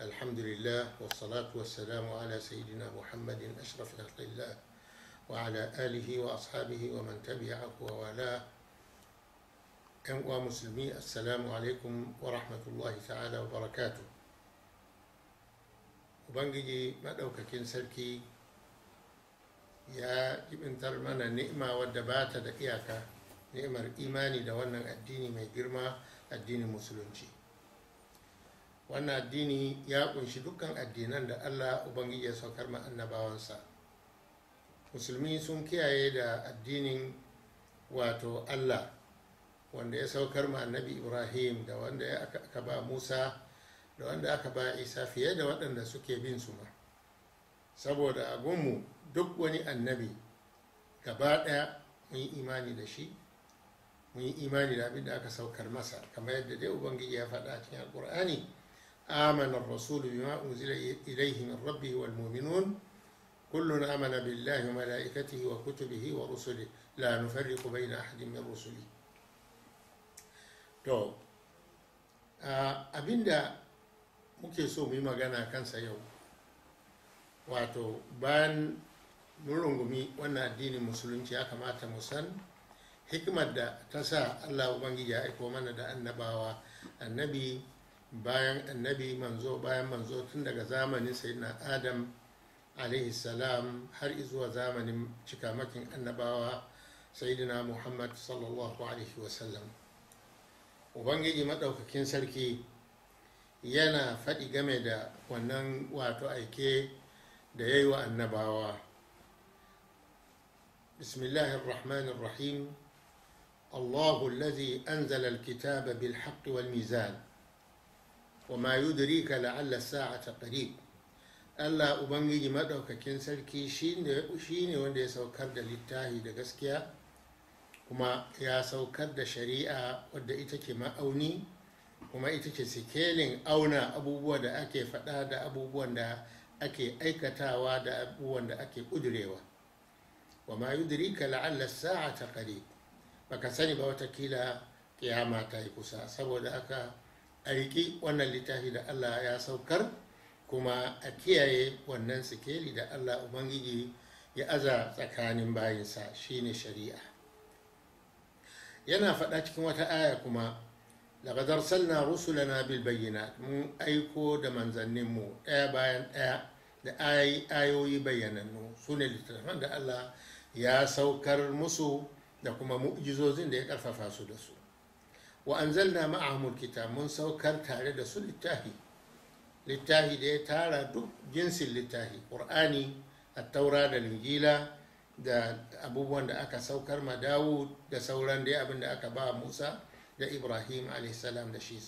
الحمد لله والصلاة والسلام على سيدنا محمد أشرف خلق الله وعلى آله وأصحابه ومن تبعه ووالاه كم ومسلمي السلام عليكم ورحمة الله تعالى وبركاته وبنجي ما كن سلكي يا ابن ترمنا نئمة ودبات دقيقة ni'imar إيماني دوانا wannan ما mai girma addinin wannan addini ya kunshi dukkan addinan da allah ubangiji ya saukar ma musulmi sun kiyaye da addinin wato allah wanda ya saukar ma ibrahim da wanda aka ba musa da wanda aka ba isa fiye da waɗanda suke bin su ma saboda a gunmu duk wani annabi gaba ɗaya mun yi imani da shi mun yi imani da abin da aka saukar masa kamar yadda dai ubangiji ya faɗa cikin alƙur'ani آمن الرسول بما أنزل إليه من ربه والمؤمنون كل آمن بالله وملائكته وكتبه ورسله لا نفرق بين أحد من رسله to abinda muke so mu yi magana kansa yau wato bayan mu rungumi wannan addinin musulunci ya kamata mu san hikimar da ta sa allah ubangiji ya aiko mana da annabawa annabi bayan annabi manzo bayan manzo tun daga zamanin sayyidina adam salam har izuwa zamanin cikamakin annabawa sayyidina muhammad sallallahu alaihi wasallam ubangiji maɗaukakin sarki yana faɗi game da wannan wato aike da ya yi wa annabawa bismillahir rahmanir rahim allahu allazi anzala kitaba bil haqqi wal mizan wa ma yudrika la'alla ta Allah ubangiji maɗaukakin sarki shine wanda ya saukar da littahi da gaskiya kuma ya saukar da shari'a wadda ita ke ma'auni kuma ita ce sikelin auna abubuwa da ake faɗa da abubuwan da ake aikatawa da abubuwan da ake ƙudurewa wa ma yudrika la'alla sa'ata Ba baka sani ba watakila kiyama ta yi kusa saboda aka a riƙi wannan littafi da allah ya saukar kuma a kiyaye wannan sikeli da allah ubangiji ya aza tsakanin bayinsa shine shari'a yana faɗa cikin wata aya kuma laqad arsalna rusulana bil bayyana, mun aiko da manzanninmu ɗaya bayan ɗaya da ayoyi bayyanannu su ne littattafan da allah ya saukar musu da kuma mu'jizozin da ya ƙarfafa su da su wa anzalna ma'ahumul kitab mun saukar tare da su littafi littafi da ya tara duk jinsin littafi ƙur'ani at-taura da lingila da abubuwan da aka saukar ma dawud da sauran dai abin da aka ba musa da ibrahim a.s. da shi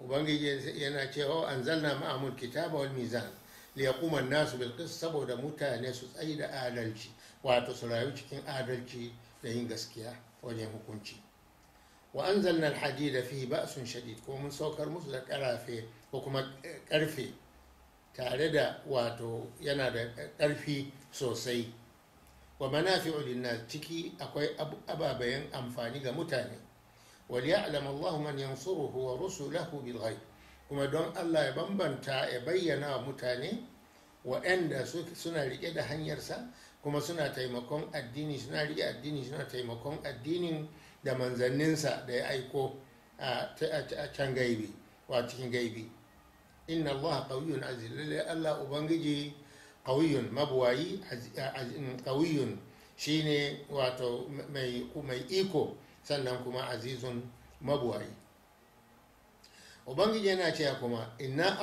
ubangiji yana cewa an zalna ma'amul kitaba wal mizan li nasu da qist saboda mutane su tsayi da adalci wato su rayu cikin adalci da yin gaskiya wajen hukunci wa anzalna alhadida fihi ba'sun shadid kuma mun saukar musu da karafe ko kuma karfe tare da wato yana da karfi sosai wa manafi'u linnas ciki akwai ababen amfani ga mutane wal ya'lam Allah man yansuruhu wa rusulahu bil kuma don Allah ya bambanta ya bayyana wa mutane waɗanda suna riƙe da hanyarsa kuma suna taimakon addini suna riƙe addini suna taimakon addinin da manzanninsa da ya aiko a can gaibi wa cikin gaibi inna allah qawiyyun aziz lalle allah ubangiji qawiyyun mabuwayi shi ne wato mai iko sannan kuma azizun mabuwayi ubangiji yana cewa kuma inna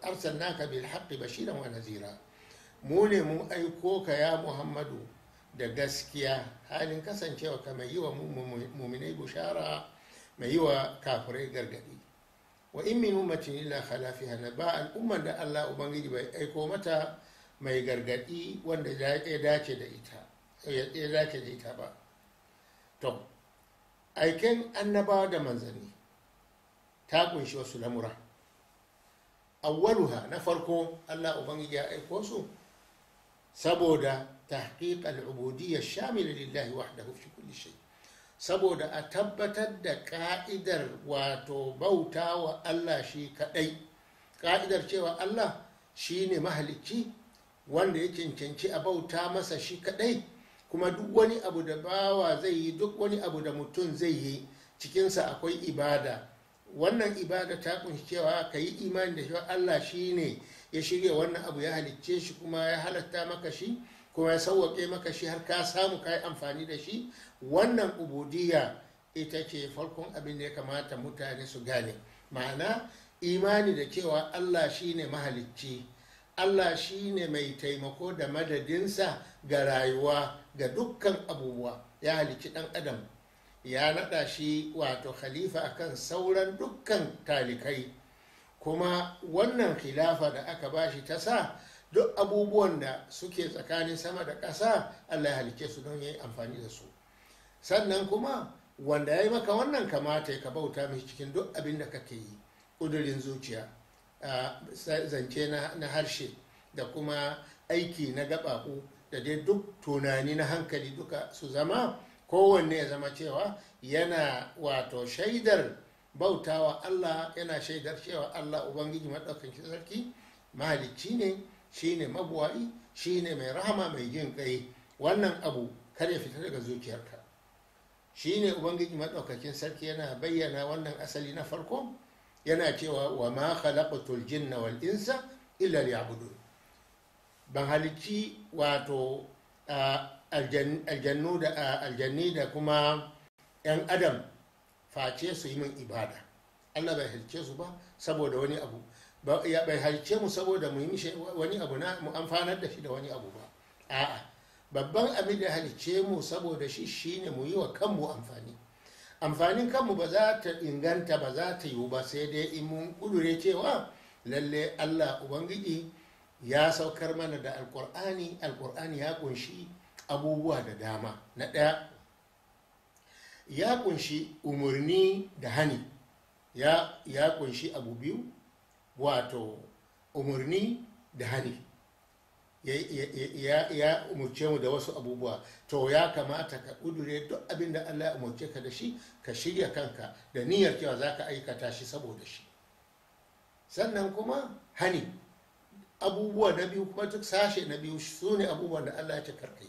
arsalnaka bil haqqi bashiran wa nazira mu ne mun aiko ka ya muhammadu da gaskiya halin kasancewa ka mai yi wa muminai bushara mai yi wa kafirai gargadi wa in min ummatin illa khala ba al'ummar da Allah ubangiji bai aiko mata mai gargadi wanda ya dace da ita ya dace da ita ba to aiken annabawa da manzanni ta kunshi wasu lamura awwaluha na farko Allah ubangiji ya aiko su saboda تحقيق العبودية الشاملة لله وحده في كل شيء saboda a tabbatar da ka'idar wato bauta wa Allah shi kaɗai ka'idar cewa Allah shi ne mahalicci wanda ya cancanci a bauta masa shi kaɗai kuma duk wani abu da bawa zai yi duk wani abu da mutum zai yi cikinsa akwai ibada wannan ibada ta kunshi cewa ka yi imani da cewa Allah shi ne ya shirya wannan abu ya halicce shi kuma ya halatta maka shi kuma ya sauwaƙe maka shi har ka samu ka yi amfani da shi wannan ubudiyya ita ce farkon abin da ya kamata mutane su gane ma'ana imani da cewa allah shine mahalicci allah shine mai taimako da madadinsa ga rayuwa ga dukkan abubuwa ya halicci dan adam ya nada shi wato khalifa akan sauran dukkan talikai kuma wannan khilafa da aka bashi ta sa duk abubuwan da suke tsakanin sama da ƙasa allah ya halice su don ya yi amfani da su sannan kuma wanda ya yi maka wannan kamata ya ka bauta mishi cikin duk abin da kake yi ƙudurin zuciya zance na harshe da kuma aiki na gaɓaɓu da dai duk tunani na hankali duka su zama kowanne ya zama cewa yana wato shaidar bautawa allah yana shaidar cewa allah ubangiji maɗaukakin sarki mahalicci ne shine shi shine mai rahama mai jin kai wannan abu kar ya fita daga zuciyarka ne ubangiji matsaukacin sarki yana bayyana wannan asali na farko yana cewa wa ma khalaqatul jinna wal insa illa liya'budun ban halicci wato aljannu da aljanni da kuma 'yan adam face su yi min ibada allah bai halicce su ba saboda wani abu bai halice mu saboda mu yi wani abu na mu amfanar da shi da wani abu ba a'a babban abin da halice mu saboda shi shine mu yi wa kanmu amfani amfanin kanmu ba za ta inganta ba za ta yiwu ba sai dai in mun kudure cewa lalle Allah ubangiji ya saukar mana da alkur'ani alkur'ani ya kunshi abubuwa da dama na ɗaya ya kunshi umarni da hani ya, ya kunshi abu biyu wato umarni da hani ya umarce mu da wasu abubuwa to ya kamata ka kudure duk abin da Allah ya umarce ka da shi ka shirya kanka da niyyar cewa za ka aikata shi saboda shi sannan kuma hani abubuwa na biyu kuma duk sashe na biyu su ne abubuwan da Allah ya ce karka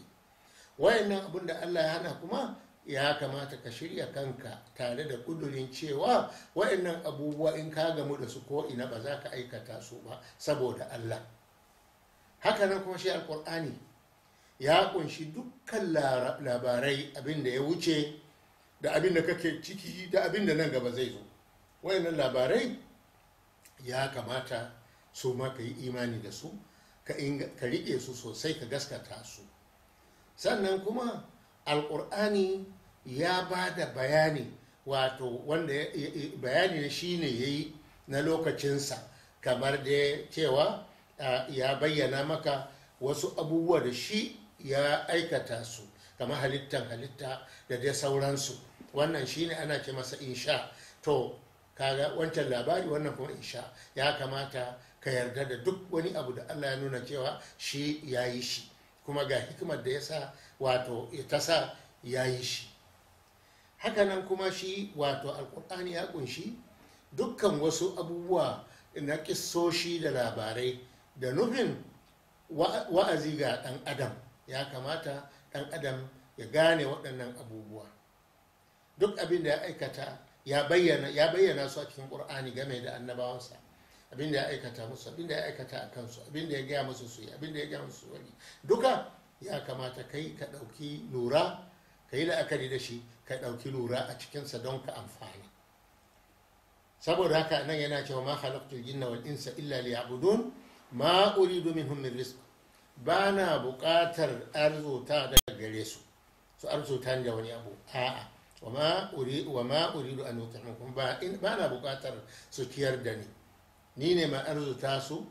wayannan abin da Allah ya hana kuma ya kamata ka shirya kanka tare da kudurin cewa waɗannan abubuwa in ka gamu da su ko ina ba za ka aikata su ba saboda Allah haka nan kuma shi alkur'ani ya kunshi dukkan labarai abin ya wuce da abin kake ciki da abin nan gaba zai zo waɗannan labarai ya kamata su ma ka yi imani da su ka riƙe su sosai ka gaskata su sannan kuma Alkur'ani ya ba da bayani wato wanda bayani ne shine ya yi na lokacinsa kamar da cewa ya bayyana maka wasu abubuwa da shi ya aikata su kamar halittan halitta da dai sauransu wannan shine ana ce masa insha to kaga wancan labari wannan kuma insha ya kamata ka yarda da duk wani abu da Allah ya nuna cewa shi ya yi shi kuma ga hikimar da ya sa wato ta sa ya yi shi hakanan kuma shi wato alkur'ani ya kunshi dukkan wasu abubuwa na kisoshi da labarai da nufin wa'azi ga ɗan adam ya kamata ɗan adam ya gane waɗannan abubuwa duk abin da ya aikata ya bayyana su a cikin ƙur'ani game da annabawansa abin da ya aikata musu abin da ya aikata a kansu abin da ya gaya musu su yi abin da ya gaya musu wani duka ya kamata kai ka ɗauki lura ka yi la'akari da shi ka ɗauki lura a cikinsa don ka amfani saboda haka nan yana cewa ma halaktu jinna wal insa illa liya'budun ma uridu minhum min rizq ba na buƙatar arzuta daga gare su su arzuta da wani abu a'a wa ma uridu an yut'imukum ba ba na buƙatar su ciyar da ni ni ne mai arzuta su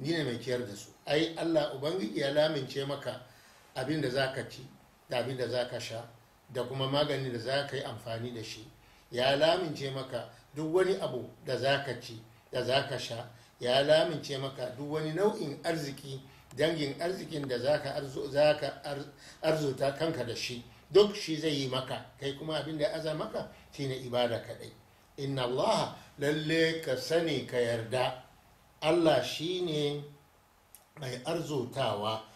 ni ne mai ciyar da su ai Allah ubangiji ya lamince maka abin da za ka ci da abin da za ka sha da kuma maganin da za ka yi amfani da shi ya lamince maka duk wani abu da za ka ci da za ka sha ya lamince maka duk wani nau'in arziki dangin arzikin da za ka arzuta kanka da shi duk shi zai yi maka kai kuma abin da aza maka ne ibada kaɗai inna allah lalle ka sani ka yarda allah shi ne mai arzutawa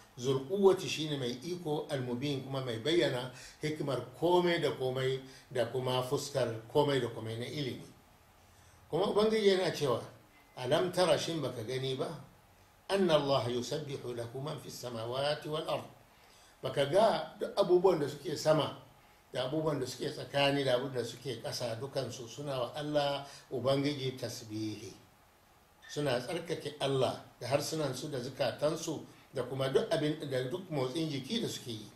shi shine mai iko almubin kuma mai bayyana hikimar komai da komai da kuma fuskar komai da komai na ilimi kuma ubangiji yana cewa alam tara shin baka gani ba anna allah yusabbihu lahu man fi samawati wal ard baka ga duk abubuwan da suke sama da abubuwan da suke tsakani da abubuwan da suke ƙasa dukansu suna wa allah ubangiji tasbihi suna tsarkake allah da harsunansu da zukatansu da kuma duk abin da duk motsin jiki da suke yi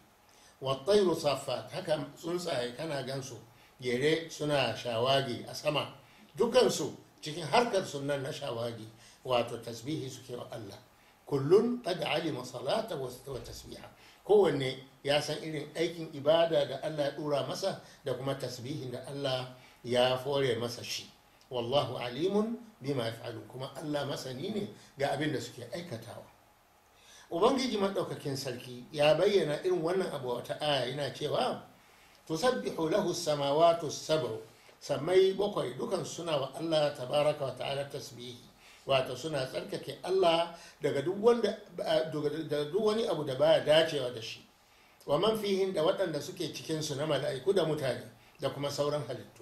wattairu saffat haka tsuntsaye kana gansu gere suna shawagi a sama dukansu cikin harkar sunan na shawagi wato tasbihi suke wa Allah kullun qad alima salata wa tasbiha kowanne ya san irin aikin ibada da Allah ya dura masa da kuma tasbihin da Allah ya fore masa shi wallahu alimun bima yaf'alun kuma Allah masani ne ga abin da suke aikatawa ubangiji maɗaukakin sarki ya bayyana irin wannan abu wata aya yana cewa tusabbihu lahu samawati sab'u sammai bakwai dukan suna wa Allah tabaraka wa ta'ala tasbihi wato suna tsarkake Allah daga duk wani abu da baya dacewa da shi wa man fihin da waɗanda suke cikin su na mala'iku da mutane da kuma sauran halittu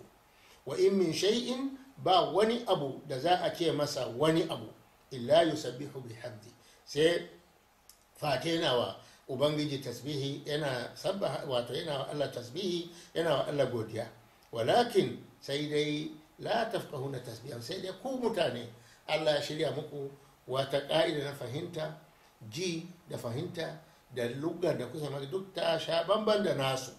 wa in min shay'in ba wani abu da za a ce masa wani abu illa yusabbihu bihamdi sai fate yana wa ubangiji tasbihi yana sabba wato yana wa Allah tasbihi yana wa Allah godiya walakin sai dai la tafqahuna tasbiha sai dai ku mutane Allah ya shirya muku wata ka'ida na fahimta ji da fahimta da lugar da kusa maka duk ta sha bamban da nasu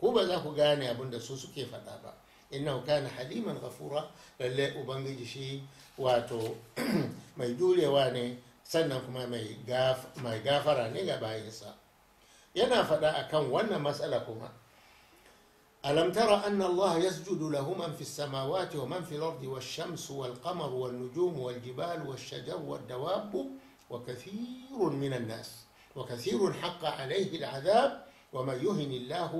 ku ba za ku gane abin da su suke faɗa ba innahu kana haliman ghafura lalle ubangiji shi wato mai jurewa ne sannan kuma mai gafara ne ga bayansa yana faɗa akan wannan matsala kuma ألم تر أن الله يسجد له من في السماوات ومن في الأرض والشمس والقمر والنجوم والجبال والشجر والدواب وكثير من الناس وكثير حق عليه العذاب ومن يهن الله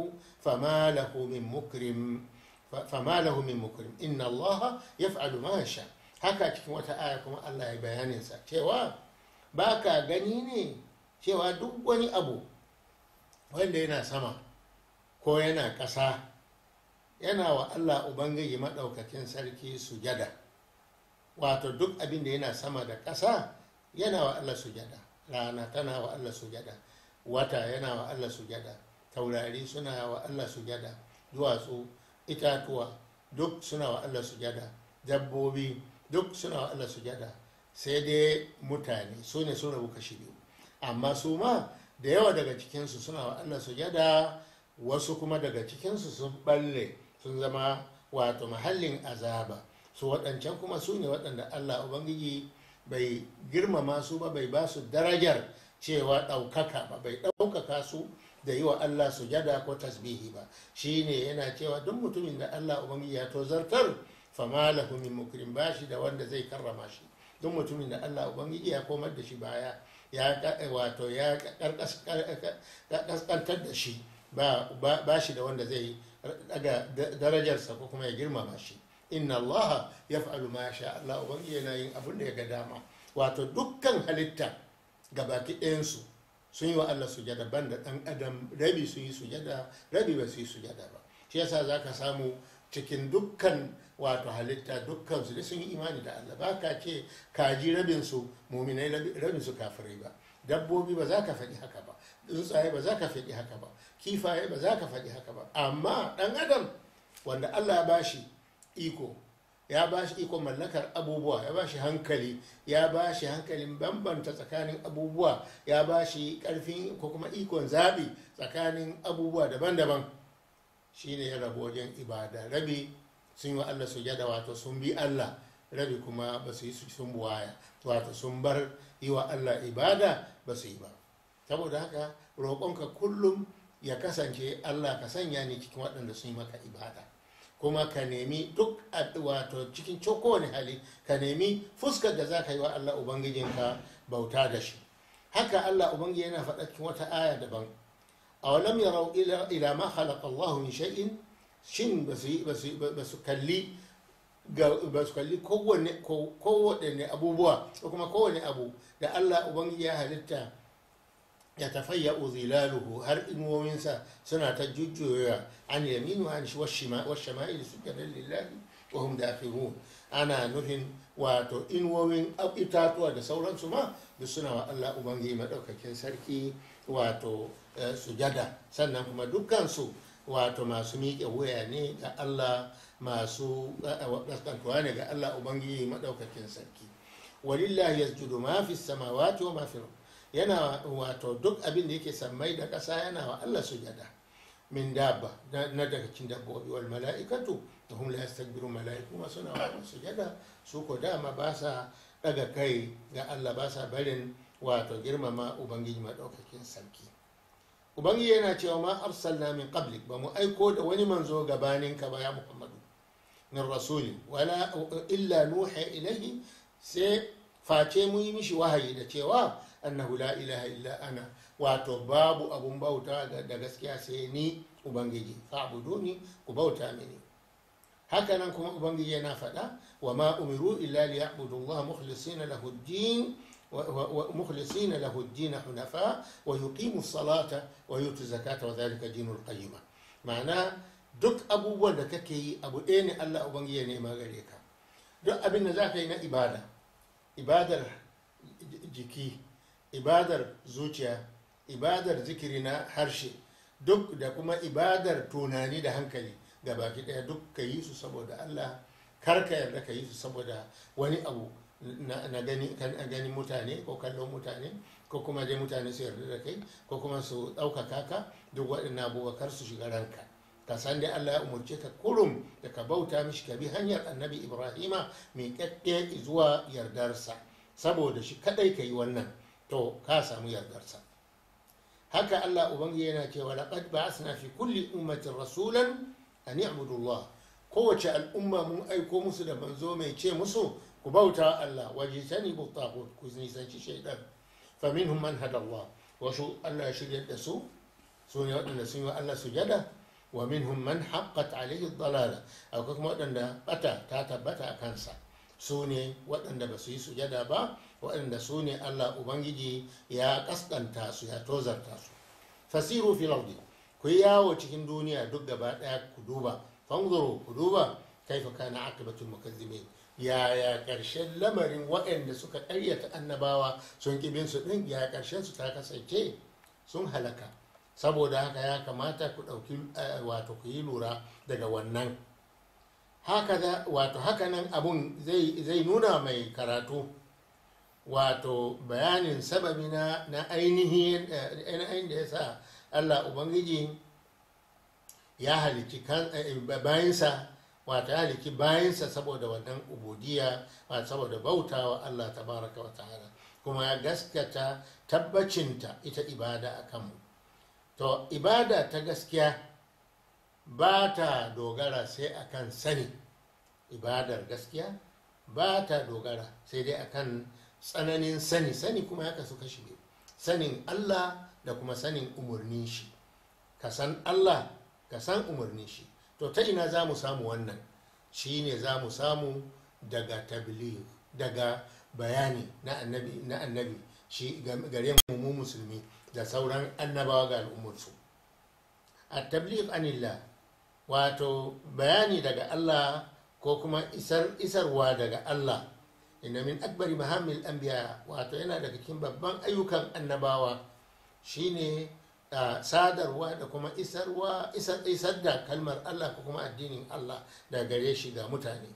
فما له من مكرم فما له من مكرم إن الله يفعل ما يشاء haka cikin wata aya kuma Allah ba ka gani ne cewa duk wani abu wanda yana sama ko yana ƙasa yana wa allah ubangiji maɗaukakin sarki sujada wato duk abin da yana sama da ƙasa yana wa allah sujada rana tana wa allah sujada wata yana wa allah sujada taurari suna wa allah sujada duwatsu itatuwa duk suna wa allah sujada dabbobi duk suna wa allah sujada sai dai mutane su ne su rabu kashi biyu amma su ma da yawa daga cikinsu suna wa Allah sujada wasu kuma daga cikinsu sun balle sun zama wato mahallin azaba su waɗancan kuma su ne waɗanda Allah Ubangiji bai girmama su ba bai ba su darajar cewa ɗaukaka ba bai ɗaukaka su da yi wa Allah su sujada ko tasbihi ba shi ne yana cewa duk mutumin da Allah Ubangiji ya tozartar fama lahu min mukrim bashi da wanda zai karrama shi duk mutumin da Allah ubangiji ya komar da shi baya ya eh, wato ya karkaskantar da shi ba shi da wanda zai daga darajarsa ko kuma ya girmama shi inna Allah ya fa'alu ma sha Allah ubangiji yana yin abin da ya ga dama wato dukkan halitta gabaki ɗayansu sun yi wa Allah sujada ban da ɗan adam rabi sun yi sujada rabi ba su yi sujada ba shi yasa za ka samu cikin dukkan wato halitta dukkan su sun yi imani da Allah ba ka ce kaji rabin su muminai rabin kafirai ba dabbobi ba za ka faɗi haka ba tsuntsaye ba za ka faɗi haka ba kifaye ba za ka faɗi haka ba amma ɗan adam wanda Allah ya bashi iko ya bashi iko mallakar abubuwa ya bashi hankali ya bashi hankalin bambanta tsakanin abubuwa ya bashi karfin ko kuma ikon zaɓi tsakanin abubuwa daban-daban shine ya rabu wajen ibada rabi sun yi wa Allah sujada wato sun bi Allah rabi kuma ba su yi sun buwaya wato sun bar yi wa Allah ibada ba su yi ba saboda haka roƙonka kullum ya kasance Allah ka sanya ni cikin waɗanda sun yi maka ibada kuma ka nemi duk wato cikin cokowane hali ka nemi fuskar da za ka yi wa Allah Ubangijinka bauta da shi haka Allah Ubangiji yana faɗa cikin wata aya daban a walam yarau ila ma khalaqa Allahu min shay'in shin ba su kalli ba su kalli kowane abubuwa ko kuma kowane abu da allah ubangiji ya halitta ya tafayya uzilaluhu har inuwoyinsa suna ta jujjuyawa? an yaminu an shi su ganin lillahi wa hum dakhilun ana nufin wato inuwoyin itatuwa da sauransu ma duk suna wa allah ubangiji maɗaukakin sarki wato eh, sujada sannan kuma dukkansu. wato masu miƙe wuya ne ga Allah masu ƙasƙantuwa eh, ne ga Allah Ubangiji maɗaukakin sarki walillahi yasjudu ma fi sama wato ma yana wato duk abin da yake sammai da ƙasa yana wa Allah su sujada min dabba na daga cikin dabbobi wal mala'ikatu da hum la yastakbiru mala'iku ma suna wa sujada su ko dama ba sa daga kai ga Allah ba sa barin wato girmama ubangiji maɗaukakin sarki ubangi yana cewa ma arsalna min qablik ba mu aiko da wani manzo gabanin ka ba ya muhammadu min rasuli wala illa nuha ilaihi sai face mu yi mishi wahayi da cewa annahu la ilaha illa ana wato babu abun bauta da gaskiya sai ni ubangiji fa abuduni ku bauta mini haka nan kuma ubangiji yana fada wa ma umiru illa liya'budu allaha mukhlisina lahu ad-din مخلصين له الدين حنفاء ويقيموا الصلاة ويؤتوا الزكاة وذلك دين القيمة معناه duk abubuwan da kake yi abu ɗaya ne Allah Ubangiji ya nema gare ka duk abin da za ka yi na ibada ibadar jiki ibadar zuciya ibadar zikiri na harshe duk da kuma ibadar tunani da hankali ga baki ɗaya duk ka yi su saboda Allah kar ka yarda ka yi su saboda wani abu na gani gani mutane ko kallon mutane ko kuma dai mutane su yarda da kai ko kuma su ɗaukaka ka duk waɗannan abubuwa kar su shiga ranka ka san dai Allah ya umarce ka kurum da ka bauta mishi ka bi hanyar annabi Ibrahima mai kakke zuwa yardarsa saboda shi kadai ka yi wannan to ka samu yardarsa haka Allah ubangiji yana cewa laqad ba'asna fi kulli ummatin rasulan an ya'budu Allah kowace al'umma mun aiko musu da manzo mai ce musu ku bauta Allah waje sani bu tagut ku nisanci shaidan fa minhum man hada wasu Allah ya shirya da su su ne waɗanda sun yi wa Allah sujada wa minhum man haqqat alayhi dalala akwai kuma waɗanda bata ta tabbata a kansa su ne waɗanda ba su yi sujada ba waɗanda su ne Allah ubangiji ya ƙasƙanta su ya tozarta su fasiru fil ardi ku yawo cikin duniya duk gaba ɗaya ku duba fanzuru ku duba kaifa kana aqibatul mukazzibin yaya ƙarshen lamarin waɗanda suka ƙaryata annabawa sun ƙibin su ɗin ya ƙarshen su ta kasance sun halaka saboda haka ya kamata ku ɗauki eh, wato ku yi lura daga wannan haka nan abun zai nuna mai karatu wato bayanin sababi eh, na ainihin da ya sa allah ubangiji ya halicci eh, bayansa wata haliki bayansa saboda wannan ubudiya saboda bautawa Allah tabaraka wa ta'ala kuma ya gaskata tabbacinta ita ibada a kanmu to ibada ta gaskiya ba ta dogara sai kan sani ibadar gaskiya ba ta dogara sai dai akan tsananin sani sani kuma ya kasu kashi ne sanin Allah da kuma sanin umarnin shi ka san Allah ka san umarnin shi to ta ina za mu samu wannan shine za mu samu daga daga bayani na annabi na shi gare mu musulmi da sauran annabawa ga al'ummarsu a tabligh anillah wato bayani daga Allah ko kuma isar isarwa daga Allah inna min akbari an anbiya wato yana daga cikin babban ayyukan annabawa shine sadarwa da kuma isarwa isar da kalmar Allah ko kuma addinin Allah da gare shi ga mutane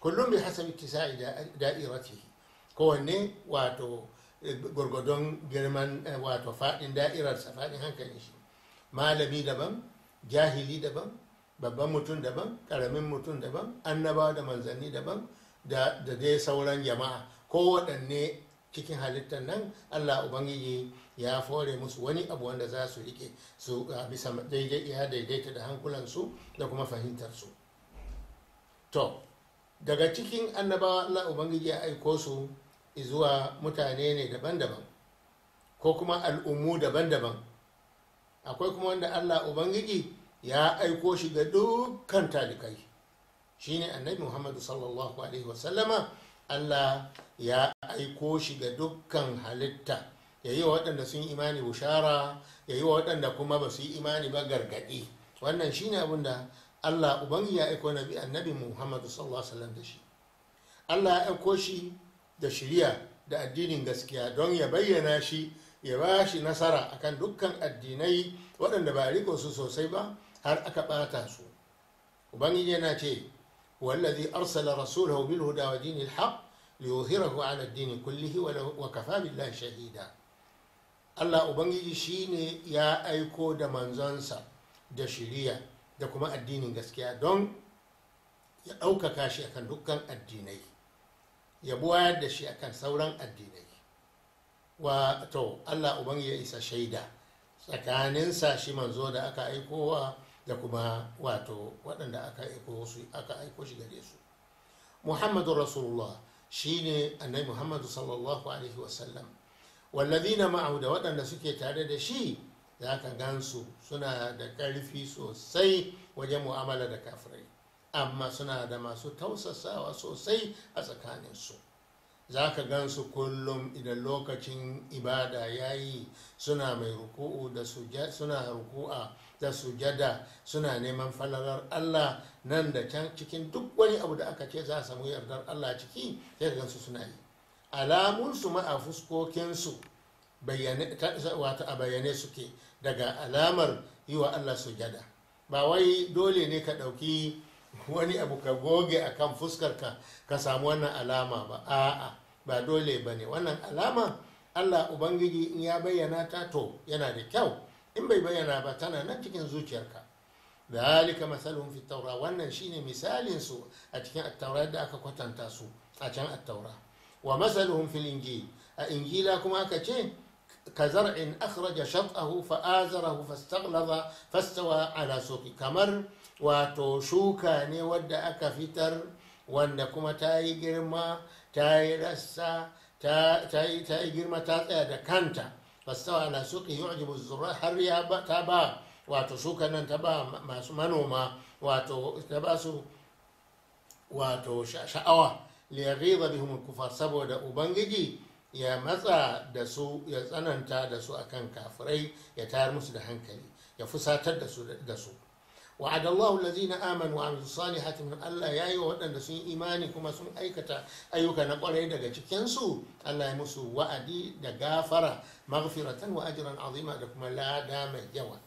kullum bi hasabi tisa'i da'iratihi kowanne wato eh, gurgudun girman eh, wato faɗin da'irarsa faɗin hankalin shi malami daban jahili daban babban mutum daban karamin mutum daban annaba da manzanni daban da dai sauran jama'a kowaɗanne cikin halittar nan allah ubangiji ya fore musu wani abu wanda za su rike su a bisa daidai ya daidaita da hankulansu da kuma fahimtarsu to daga cikin annabawa allah ubangiji ya aiko su zuwa mutane ne daban-daban ko kuma al'ummu daban-daban akwai kuma wanda allah ubangiji ya aiko shi ga dukkan talikai shine annabi muhammadu sallallahu alaihi wasallama allah ya aiko shi ga dukkan halitta ya yi wa waɗanda sun imani bushara ya yi wa waɗanda kuma ba su yi imani ba gargaɗi wannan shine abin da allah ubangi ya aiko nabi annabi muhammadu sallallahu alaihi da shi allah ya aiko shi da shirya da addinin gaskiya don ya bayyana shi ya ba shi nasara akan dukkan addinai waɗanda ba riko su sosai ba har aka ɓata su ubangiji yana ce wallazi arsala rasulahu bil huda wa dinil haqq liyuzhirahu ala ad kullihi wa kafa shahida allah ubangiji shine ya aiko da manzonsa da shiriya da kuma addinin gaskiya don ya ɗaukaka shi akan dukkan addinai ya buwayar da shi akan sauran addinai wato allah ubangiji ya isa shaida tsakaninsa shi manzo da aka aikowa da kuma wato waɗanda aka aiko aka aiko shi gare su muhammadu rasulullah shine annabi muhammadu sallallahu alaihi wasallam wallazina ma'ahu da waɗanda suke tare da shi za ka su suna da ƙarfi sosai wajen mu'amala da kafirai amma suna da masu tausasawa sosai a tsakaninsu za ka su kullum idan lokacin ibada ya yi suna mai ruku'u da suna ruku'a da sujada suna neman falalar Allah nan da can cikin duk wani abu da aka ce za a samu yardar Allah ciki sai gansu suna yi alamunsu ma'a fuskokinsu wata a bayyane suke daga alamar yi wa Allah sujada ba wai dole ne ka ɗauki wani abu ka goge a kan fuskarka ka samu wannan alama ba a'a ba dole ba ne wannan alama Allah Ubangiji in ya bayyana ta to yana da kyau in bai bayyana ba tana nan cikin zuciyarka dalika masalun fi taura wannan shine misalin su a cikin attaura da aka kwatanta su a can attaura ومثلهم في الإنجيل أإنجيلكم أكتشي كزرع أخرج شطأه فآزره فاستغلظ فاستوى على سوق كمر وتوشوكا نود أكفتر وانكما تاي جرما تاي رسا تاي تاي جرما تاي كانتا فاستوى على سوق يعجب الزراع حريا تابا وتوشوكا نتابا منوما وتو تباسو وتو شاوه شا liyaghiza bihum kufar saboda ubangiji ya matsa da su ya tsananta da su akan kafirai ya tayar musu da hankali ya fusatar da su da su وعد الله الذين امنوا وعملوا الصالحات من الله يا ايها waɗanda sun imani kuma sun aikata ayyuka na kwarai daga cikin su Allah ya musu wa'adi da gafara maghfiratan wa ajran azima da kuma lada mai yawa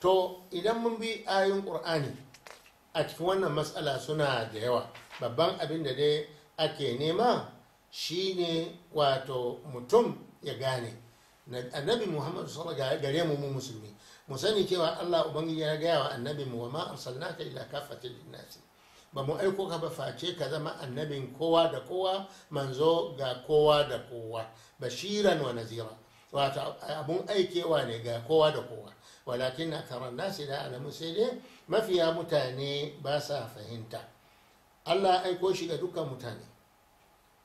to idan mun bi ayin qur'ani a cikin wannan matsala suna da yawa babban abin da dai ake nema shine wato mutum ya gane annabi muhammadu sallallahu gare mu mu musulmi mu sani cewa allah ubangiji ya gaya wa annabi mu wa ma arsalnaka ila kafatin linnasi ba mu aiko ka ba face ka zama annabin kowa da kowa manzo ga kowa da kowa bashiran wa nazira wato abun aikewa ne ga kowa da kowa walakin na karan nasi da alamu sai dai mafiya mutane ba sa fahimta allah aiko shi ga dukkan mutane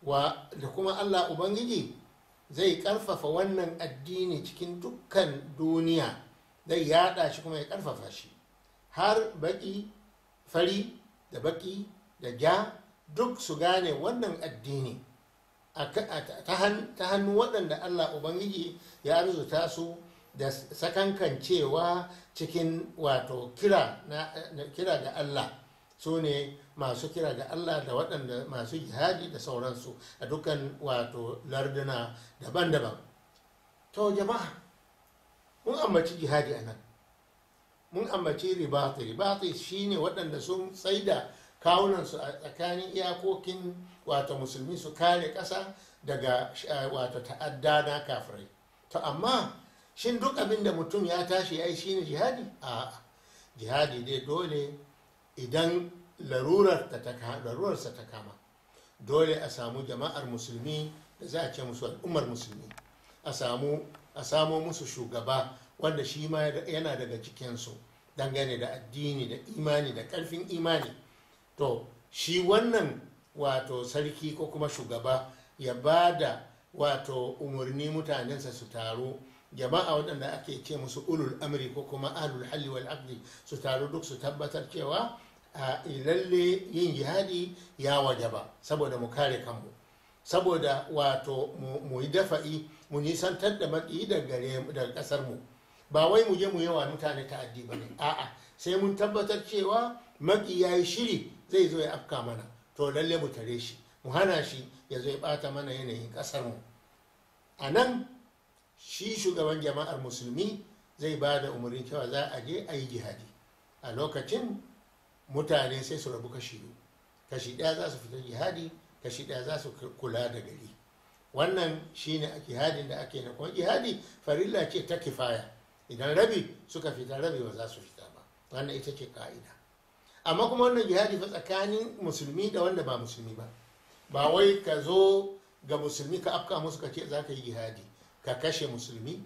wa da kuma allah ubangiji zai karfafa wannan addini cikin dukkan duniya zai yada shi kuma ya karfafa shi har baki fari da baki da ja duk su gane wannan addini ta hannu waɗanda allah ubangiji ya arzuta su da sakankan cewa cikin wato kira na kira da Allah su ne masu kira da Allah da waɗanda masu jihadi da sauransu a dukkan wato larduna daban-daban to jama'a mun ambaci jihadi a nan mun ambaci ribati ribati shine waɗanda sun tsaida kawunansu a tsakanin iyakokin wato musulmi su kare ƙasa daga eh, wato ta'adda na kafirai to amma shin duk abin da mutum ya tashi ya yi ne jihadi a jihadi dai dole idan larurarsa ta kama dole a samu jama'ar musulmi da za a ce musu al'ummar musulmi a samu a samo musu shugaba wanda shi ma yana daga cikinsu dangane da addini da imani da karfin imani to shi wannan wato sarki ko kuma shugaba ya ba da wato umarni mutanensa su taru jama'a waɗanda ake ce musu ulul amri ko kuma ahlul halli wal aqdi su taru duk su tabbatar cewa a eh, lalle yin jihadi ya wajaba saboda mu kare kanmu saboda wato mu yi dafa'i mu nisantar da maƙi daga ƙasar mu ba wai mu je mu yawa mutane ta'addi ba ne a'a sai mun tabbatar cewa maƙi ya yi shiri zai zo ya afka mana to lalle mu tare shi mu hana shi ya zo ya ɓata mana yanayin ƙasar mu a nan shi shugaban jama'ar musulmi zai ba da umarnin cewa za a je a yi jihadi a lokacin mutane sai su rabu kashi biyu kashi ɗaya za su fita jihadi kashi ɗaya za su kula da gari wannan shine a jihadin da ake na kuma jihadi farilla ce ta kifaya idan rabi suka fita rabi ba za su fita ba wannan ita ce ka'ida amma kuma wannan jihadi fa tsakanin musulmi da wanda ba musulmi ba ba wai ka zo ga musulmi ka afka musu ka ce za ka yi jihadi ka kashe musulmi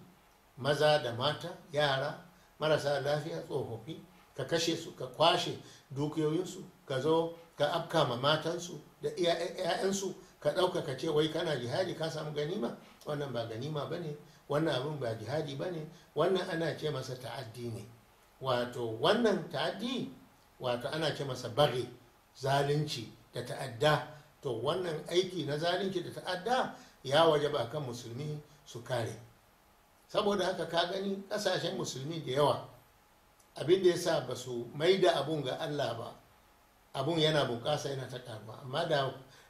maza da mata yara marasa lafiya tsofaffi ka kashe su ka kwashe dukiyoyinsu ka zo ka afka ma matansu da 'ya'yansu ka ɗauka ka ce wai kana jihadi ka samu ganima wannan ba ganima ba ne wannan abin ba jihadi ba ne wannan ana ce masa ta'addi ne wato wannan ta'addi wato ana ce masa bari zalunci da ta'adda to wannan aiki na zalunci da ta'adda ya waje ba kan musulmi su kare saboda haka ka gani kasashen musulmi da yawa abin da ya sa ba su maida abun ga allah ba abun yana bunƙasa yana ta ƙarfa amma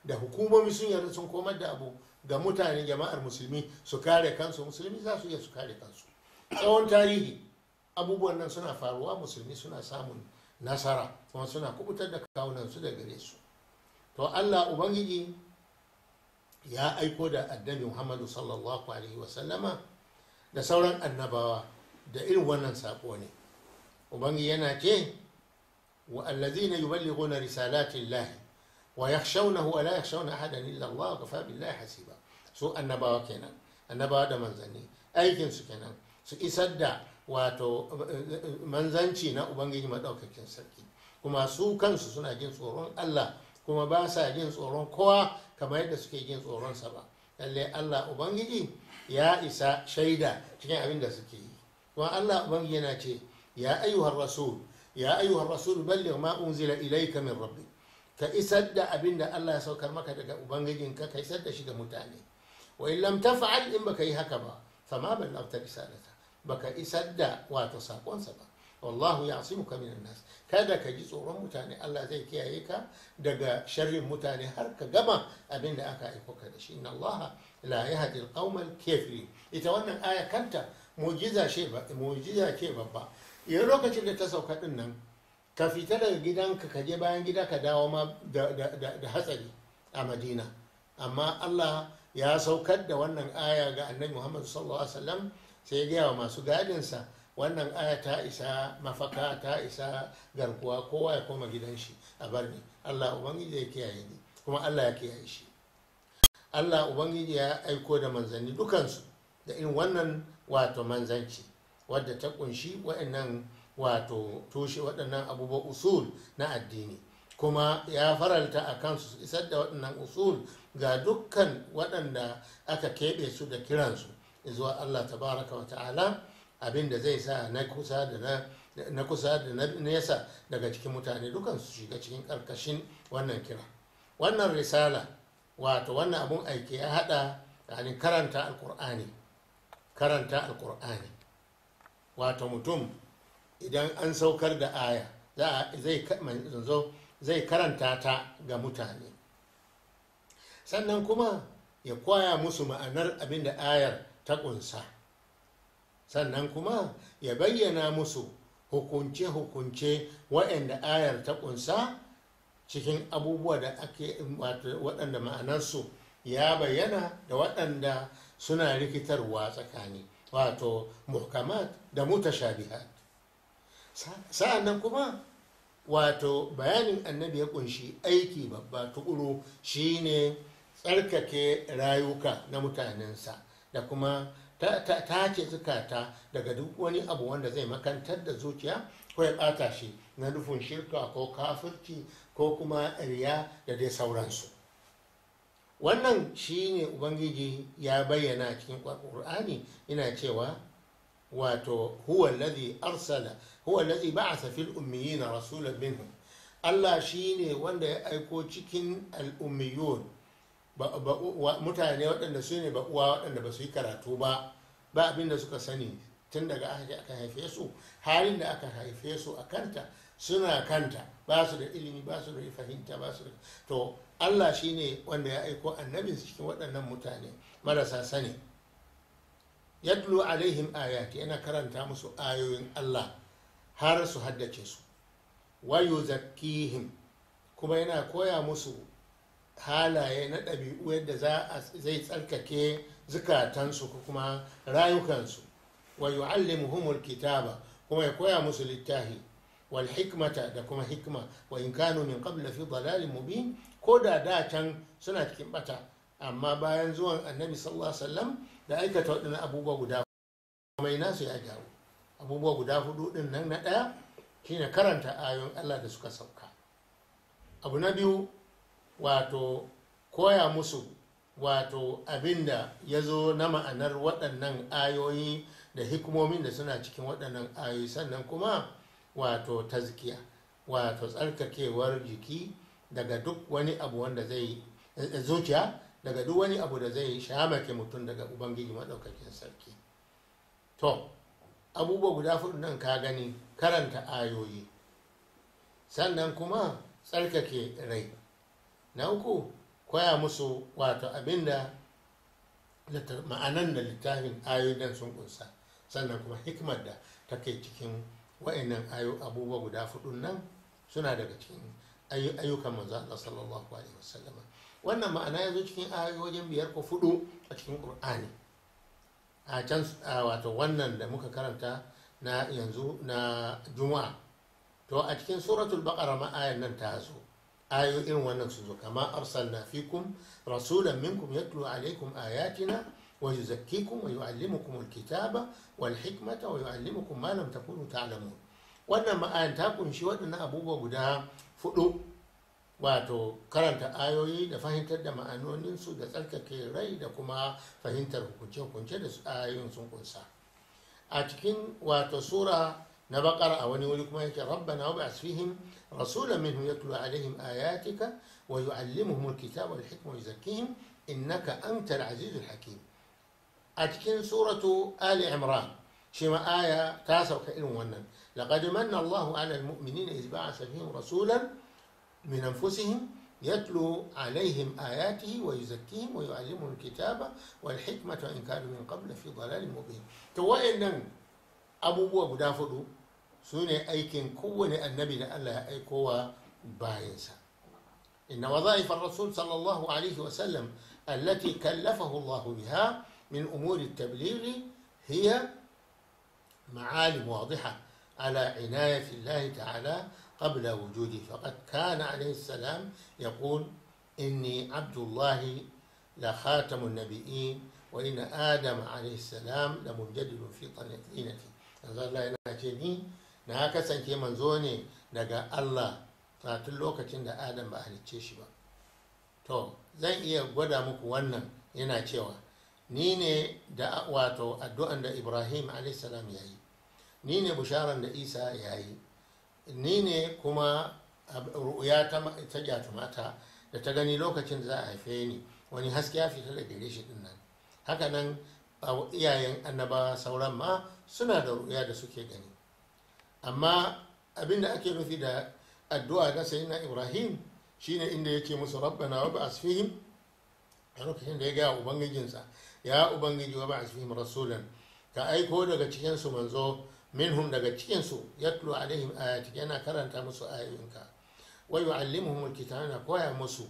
da, hukumomi sun yarda sun komar da abu ga mutane jama'ar musulmi su kare kansu musulmi za su iya su kare kansu tsawon tarihi abubuwan nan suna faruwa musulmi suna samun nasara kuma suna kubutar da kawunansu da gare su to allah ubangiji ya aiko da annabi muhammadu sallallahu alaihi wasallama da sauran annabawa da irin wannan saƙo ne ubangi yana ce wa allazina yuballighuna risalatin lahi wa yakhshawnahu wa la yakhshawna ahadan illa Allah kafa billahi hasiba so annabawa kenan annabawa da manzanni Aikinsu su kenan su isar da wato manzanci na ubangiji maɗaukakin sarki kuma su kansu suna jin tsoron Allah kuma ba sa jin tsoron kowa kamar yadda suke jin tsoronsa ba lalle Allah ubangiji ya isa shaida cikin abin da suke yi kuma Allah ubangiji yana ce ya ayyuhar rasul ya ayyuhar rasul balligh ma unzila ilayka min rabbi. ka isar da abin da Allah ya saukar maka daga ubangijinka ka isar da shi ga mutane wa in lam taf'al in baka yi haka ba fama ballagta risalata baka isar da wato sakonsa ba wallahu muka minan nas kada ka ji tsoron mutane Allah zai kiyaye ka daga sharrin mutane har ka gama abin da aka aiko ka da shi inna Allah la yahdi al kafirin ita wannan aya kanta mu'jiza ce ba mu'jiza ce babba yayin lokacin da ta sauka din nan ka fita daga gidanka ka je bayan gida ka dawo ma da hatsari a Madina amma Allah ya saukar da wannan aya ga annabi Muhammad sallallahu alaihi wasallam sai ya gaya wa masu gadinsa wannan aya ta isa mafaka ta isa garkuwa kowa ya koma gidan shi a bar ni allah ubangiji ya kiyaye ni kuma allah ya kiyaye shi allah ubangiji ya aiko da manzanni dukansu da irin wannan wato manzanci wadda ta kunshi waɗannan wato tushe waɗannan abubuwan usul na addini kuma ya faralta a kansu su isar da waɗannan usul ga dukkan waɗanda aka keɓe su da kiransu zuwa allah tabaraka wa ta'ala Abinda zai sa na kusa da na nesa daga cikin mutane dukan su shiga cikin karkashin wannan kira wannan risala wato wannan abun aiki ya hada yani karanta alkur'ani karanta alkur'ani wato mutum idan an saukar da aya zai karanta ta ga mutane sannan kuma ya kwaya musu ma'anar abin da ayar ta ƙunsa sannan kuma ya bayyana musu hukunce-hukunce waɗanda ayar ta ƙunsa cikin abubuwa da ake waɗanda ma'anarsu ya bayyana da waɗanda suna rikitarwa tsakani wato muhkamat da mutashabihat sa'an nan kuma wato bayanin annabi ya ƙunshi aiki babba tukuru shine tsarkake rayuka na mutanensa da kuma ta ce zukata daga duk wani abu wanda zai makantar da zuciya ko ya ɓata shi na nufin shirka ko kafirci ko kuma riya da dai sauransu wannan shi ne ubangiji ya bayyana cikin ƙur'ani ina cewa wato huwa lazi arsala huwa a na Allah shi ne wanda ya aiko cikin al'ummiyoyi. mutane waɗanda su ne uwa waɗanda ba su yi karatu ba ba abin da suka sani tun daga aka haife su halin da aka haife su a kanta suna kanta ba su da ilimi ba su da fahimta ba su da to allah shi ne wanda ya aiko annabin cikin waɗannan mutane marasa sani yadlu alaihim ayati yana karanta musu ayoyin allah har su haddace su wayu zakkihim kuma yana koya musu halaye na ɗabi'u yadda zai tsarkake zukatansu ko kuma rayukansu wa yu'allimuhumul kitaba kuma ya koya musu littafi wal hikmata da kuma hikma wa in kanu min qabla fi dalalin mubin ko da da suna cikin bata amma bayan zuwan annabi sallallahu alaihi wasallam da aikata wadannan abubuwa guda mai nasu ya dawo abubuwa guda hudu din nan na ɗaya shine karanta ayoyin Allah da suka sauka abu na biyu wato koya musu wato abinda ya zo na ma'anar waɗannan ayoyi da hikimomin da suna cikin waɗannan ayoyi sannan kuma wato tazkiya wato tsarkakewar jiki daga duk wani abu wanda zai eh, zuciya daga duk wani abu da zai shamake mutum daga ubangiji maɗaukakin sarki to abubuwa guda fudu nan ka gani karanta ayoyi sannan kuma tsarkake rai na uku koya musu wato abinda ma'anan da littafin ayoyin sun kunsa sannan kuma hikimar da ta kai cikin wa'annan ayo abubuwa guda fudun nan suna daga cikin ayyukan manzo sallallahu alaihi wasallama wannan ma'ana ya zo cikin ayoyi wajen biyar ko fudu a cikin Qur'ani a can wato wannan da muka karanta na yanzu na Juma'a to a cikin suratul baqara ma ayan nan ta zo ayo irin wannan su zo kama arsalna fikum rasulan minkum yatlu alaikum ayatina wa yuzakkikum wa yuallimukum alkitaba wal hikmata wa yuallimukum ma lam takunu ta'lamun wannan ma'ayan ta kunshi waɗannan abubuwa guda fudu wato karanta ayoyi da fahimtar da ma'anoninsu da tsarkake rai da kuma fahimtar hukunce-hukunce da ayoyin sun kunsa a cikin wato sura نبقر أولي ولكم يأتي ربنا وابعث فيهم رسولا منهم يتلو عليهم آياتك ويعلمهم الكتاب والحكم ويزكيهم إنك أنت العزيز الحكيم أتكن سورة آل عمران شما آية تاسع وكائن ونن لقد من الله على المؤمنين إذ بعث فيهم رسولا من أنفسهم يتلو عليهم آياته ويزكيهم ويعلمهم الكتاب والحكمة وإن كانوا من قبل في ضلال مبين توائلن أبو أبو دافدو su ne aikin kowane annabi da Allah ya aikowa bayansa inna wazaifar rasul sallallahu alaihi wasallam allati kallafahu Allah biha min umuri التبليغ هي معالم واضحة على عناية الله تعالى قبل وجوده فقد كان عليه السلام يقول إني عبد الله لخاتم النبيين وإن آدم عليه السلام لمجدد في طينتي هذا لا ينعجني da ya kasance manzo ne daga Allah a lokacin da Adam ba halicce shi ba to zan iya gwada muku wannan yana cewa ni ne da wato addu'an da Ibrahim a.s. ya yi ni ne bisharar da Isa ya yi ni ne kuma ru'uya ta mata, da ta gani lokacin da za a haife ni wani haske ya fita da gare shi din nan hakanan iyayen annabawa sauran ma suna da ru'uya da suke gani amma abinda ake nufi da addu'a na sayyidina ibrahim shine inda yake musu rabbana wa ba'as fihim a lokacin da ya gaya ubangijinsa ya ubangiji wa ba'as fihim rasulan ka aiko daga cikinsu manzo minhum daga cikinsu yatlu alaihim ayatik yana karanta musu ayoyinka wa yu'allimuhum alkitaba yana koya musu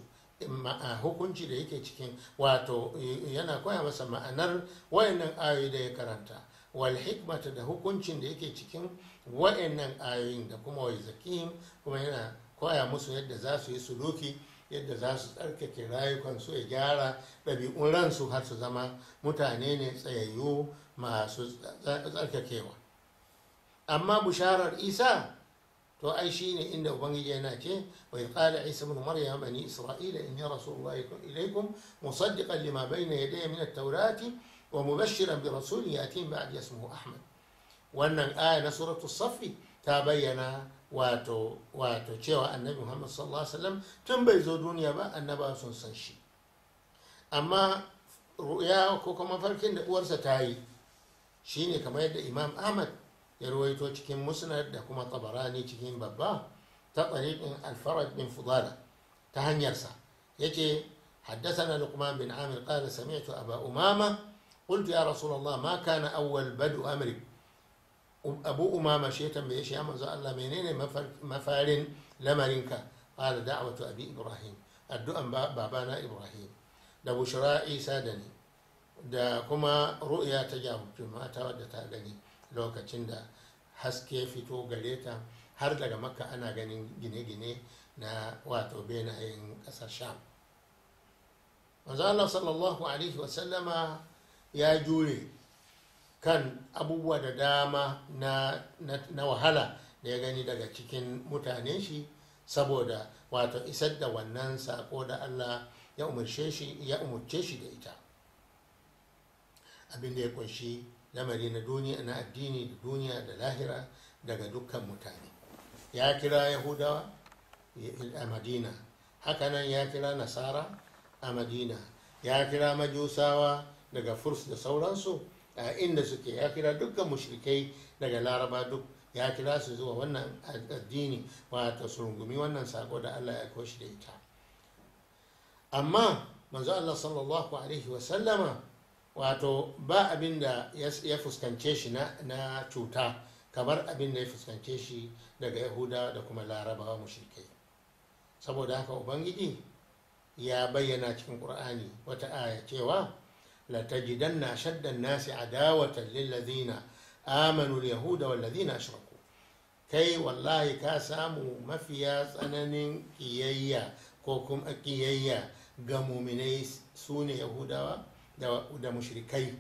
hukunci da yake cikin wato yana koya masa ma'anar wayannan ayoyi da ya karanta wal hikmata da hukuncin da yake cikin wa'annan ayoyin da kuma wa zakihim kuma yana koya musu yadda za su yi suluki yadda za su tsarkake rayukansu ya gyara ɗabi'un ransu har su zama mutane ne tsayayyu masu tsarkakewa amma bisharar isa to ai shi ne inda ubangiji yana ce wa qala isa ibn maryam bani isra'ila inni rasulullahi ilaykum musaddiqan lima bayna yadayya min at-taurati wa mubashiran bi rasulin ya'tim ba'd ismuhu ahmad wannan aya na suratu safi ta bayyana wato wato cewa annabi muhammad sallallahu alaihi wasallam tun bai zo duniya ba annaba sun san shi amma ruya ko kuma farkin da uwarsa ta yi shine kamar yadda imam ahmad ya ruwaito cikin musnad da kuma tabarani cikin babba ta tsarikin alfarad bin fudala ta hanyarsa yace حدثنا لقمان بن عامر قال سمعت أبا أمامة قلت يا رسول الله ما كان أول بدء أمرك Um-, abu umama shi ya tambaye shi ya manzo Allah menene mafarin lamarinka qala da'watu abi ibrahim addu'an babana ibrahim da bushra isa da ni da kuma ru'ya ta mutum mata wadda ta gani lokacin da haske fito gare ta har daga makka ana ganin gine-gine na wato benayen kasar sham manzo Allah sallallahu alaihi wasallama ya jure kan abubuwa da dama na, na, na wahala da ya gani daga cikin mutane shi saboda wato isar da wannan sako da allah ya umarce shi ya umarce shi da ita abin da ya kunshi lamari na duniya na addini da duniya da lahira daga dukkan mutane ya kira yahudawa a madina hakanan ya kira nasara a madina ya kira majusawa daga furs da sauransu inda suke ya kira dukkan mushrikai daga laraba duk ya kira su zuwa wannan addini wato su rungumi wannan sako da allah ya koshi da ita amma manzo allah sallallahu alaihi wa sallama wato ba abin da ya fuskance shi na cuta kamar abin da ya fuskance shi daga yahuda da kuma larabawa mushrikai saboda haka ubangiji ya bayyana cikin ƙur'ani wata aya cewa dan na لتجدن أشد الناس عداوة للذين آمنوا اليهود والذين أشركوا kai wallahi ka samu mafiya tsananin kiyayya ko kuma kiyayya ga muminai su ne yahudawa da mushrikai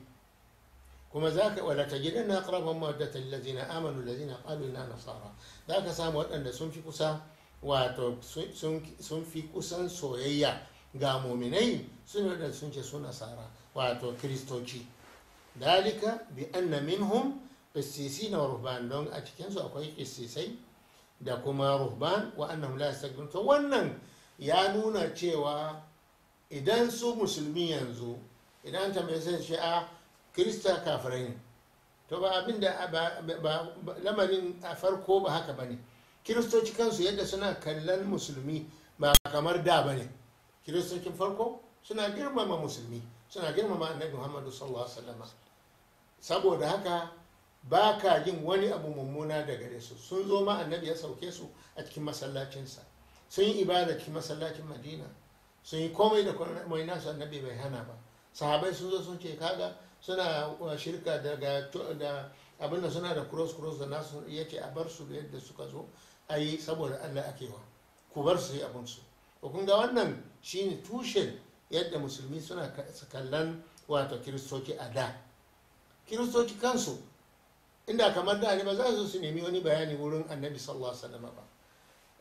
kuma za ka wadata dan na ƙarfin mawadata lalazina amanu lalazina ƙalu na nasara za ka samu wadanda sun fi kusa wato sun fi kusan soyayya ga muminai sun yi wadanda sun ce su nasara wato kiristoci dalika bi anna minhum qissisi na ruhban don a cikinsu akwai qissisai da kuma ruhban wa annahum la yastakbirun to wannan ya nuna cewa idan su musulmi yanzu idan ta sai shi a kirista kafirai to ba abin da ba lamarin a farko ba haka bane kiristoci kansu yadda suna kallon musulmi ba kamar da bane kiristocin farko suna girmama musulmi suna girmama annabi muhammadu sallallahu alaihi wasallama saboda haka ba ka yin wani abu mummuna da gare su sun zo ma annabi ya sauke su a cikin masallacinsa sun yi ibada cikin masallacin madina sun yi komai da komai nasu annabi bai hana ba sahabai sun zo sun ce kaga suna uh, shirka daga da abin suna da cross cross da nasu ya ce a bar su da yadda suka zo a yi saboda allah akewa ku bar su yi abin su ga wannan shine tushen yadda musulmi suna kallon wato kiristoci a da kiristoci kansu inda kamar da ne ba za su su nemi wani bayani wurin annabi sallallahu alaihi wasallam ba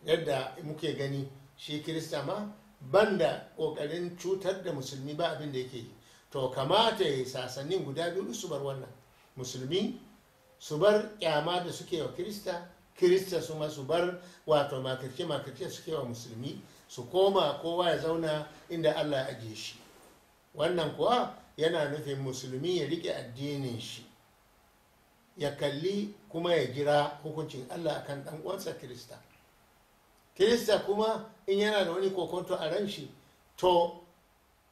yadda muke gani shi kirista ma banda kokarin cutar da musulmi ba abin da yake yi to kamata ya sasannin guda biyu su bar wannan musulmi su bar kyama da suke wa kirista kirista su ma su bar wato makirce makirce suke wa musulmi su koma kowa ya zauna inda allah ya ajiye shi wannan kuwa yana nufin musulmi ya rike addinin shi ya kalli kuma ya jira hukuncin allah akan dan uwansa kirista kirista kuma in yana da wani kokonto a ran shi to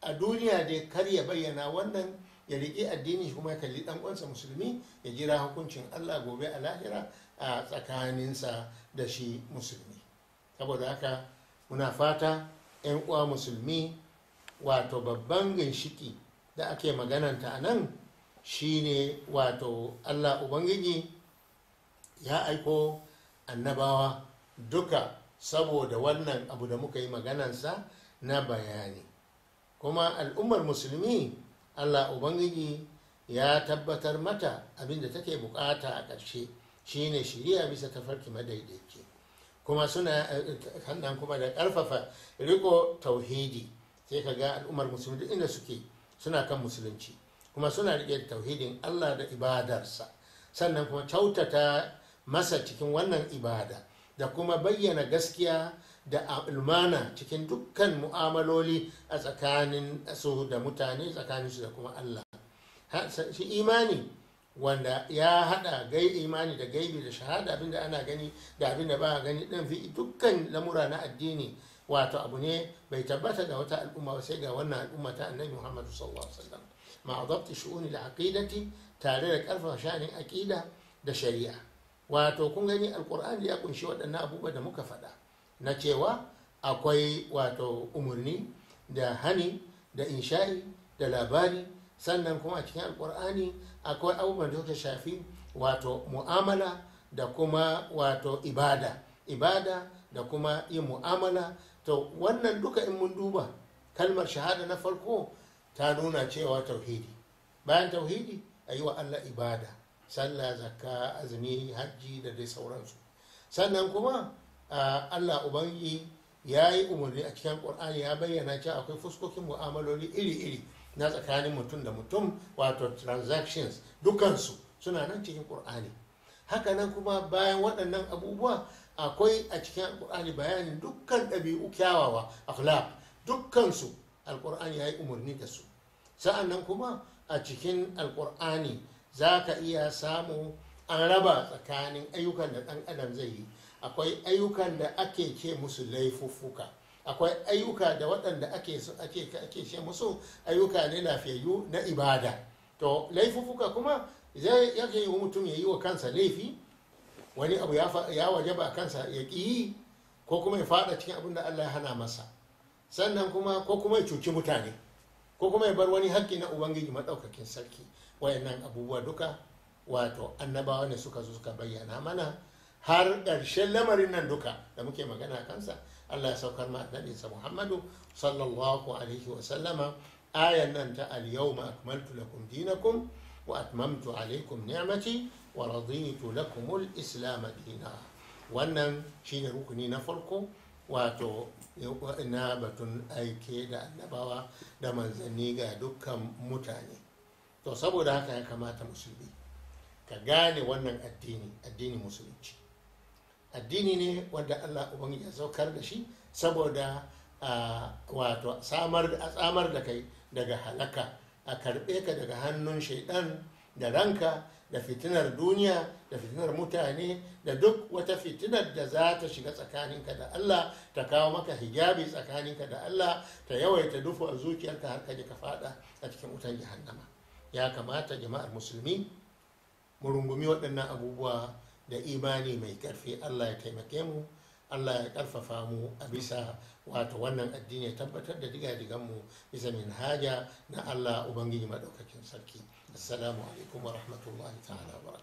a duniya dai kar ya bayyana wannan ya riƙe addini kuma ya kalli ɗan uwansa musulmi ya jira hukuncin Allah gobe a lahira a tsakaninsa da shi musulmi saboda haka muna fata 'yan uwa musulmi wato babban ginshiki da ake magananta a nan shine wato allah ubangiji ya aiko annabawa duka saboda wannan abu da muka yi maganansa na bayani kuma al'ummar musulmi allah ubangiji ya tabbatar mata abinda take bukata a ƙarshe shine shirya bisa tafarki madaidaici kuma suna hannan eh, eh, kuma da ƙarfafa riko tauhidi sai ka ga al'ummar musulmi duk inda suke suna kan musulunci kuma suna riƙe da tauhidin allah da ibadarsa sannan kuma kyautata masa cikin wannan ibada da kuma bayyana gaskiya da almana cikin dukkan mu'amaloli a tsakanin su da mutane tsakanin su da kuma allah shi imani wanda ya hada gai imani da gaibi da shahada abinda ana gani da abinda ba gani din fi dukkan lamura na addini wato abu ne bai tabbata ga wata al'umma ba sai ga wannan al'umma ta annabi Muhammad sallallahu alaihi wasallam ma dabti shu'uni al-aqidati tare da karfa sha'anin aqida da shari'a wato kun gani alqur'ani ya kunshi waɗannan abubuwa da muka faɗa na cewa akwai wato umurni da hani da insha'i da labari sannan kuma a cikin alkur'ani akwai abubuwan da suka shafi wato mu'amala da kuma wato ibada ibada da kuma yin mu'amala to wannan duka in mun duba kalmar shahada na farko ta nuna cewa tauhidi bayan tauhidi a yi wa allah ibada sallah zakka azumi hajji da dai sauransu sannan kuma allah ubangi ya yi umarni a cikin ƙur'ani ya bayyana cewa akwai fuskokin mu'amaloli iri-iri na tsakanin mutum da mutum wato transactions dukansu suna nan cikin ƙur'ani hakanan kuma bayan waɗannan abubuwa akwai a cikin alƙur'ani bayanin dukkan ɗabi'u kyawawa akhlaq dukkansu alƙur'ani ya yi umarni da su nan kuma a cikin alƙur'ani za ka iya samu an raba tsakanin ayyukan da ɗan adam zai yi akwai ayyukan da ake ke musu laifuffuka akwai ayyuka da waɗanda ake ake ce musu ayyuka ne lafiyayyu na ibada to laifufuka kuma zai yake yi mutum ya yi wa kansa laifi wani abu ya waje ba kansa ya ƙi yi ko kuma ya fada cikin abin da Allah ya hana masa sannan kuma ko kuma ya cuci mutane ko kuma ya bar wani haƙƙi na ubangiji maɗaukakin sarki wayannan abubuwa duka wato annabawa ne suka zo suka bayyana mana har ƙarshen lamarin nan duka da muke magana kansa Allah ya saukar ma annabinsa Muhammadu sallallahu alaihi wa sallama ayan nan ta al-yawma akmaltu lakum dinakum wa atmamtu alaikum ni'mati wa raditu lakum al-islam dina wannan shine rukuni na farko wato na batun aike da annabawa da manzanni ga dukkan mutane to saboda haka ya kamata musulmi ka gane wannan addini addini musulunci addini ne wanda allah ubangiji ya saukar da shi saboda wato samar da kai daga halaka a karɓe ka daga hannun shaidan da ranka da fitinar duniya da fitinar mutane da duk wata fitinar da za ta shiga tsakaninka da Allah ta kawo maka hijabi tsakaninka da Allah ta yawaita dufu a zuciyarka har kaje ka fada a cikin wutan jahannama ya kamata jama'ar musulmi mu rungumi waɗannan abubuwa da imani mai karfi allah ya taimake mu allah ya karfafa mu a bisa wato wannan addini ya tabbatar da diga digan mu bisa min haja na allah ubangiji maɗaukakin sarki assalamu alaikum wa rahmatullahi ta'ala wa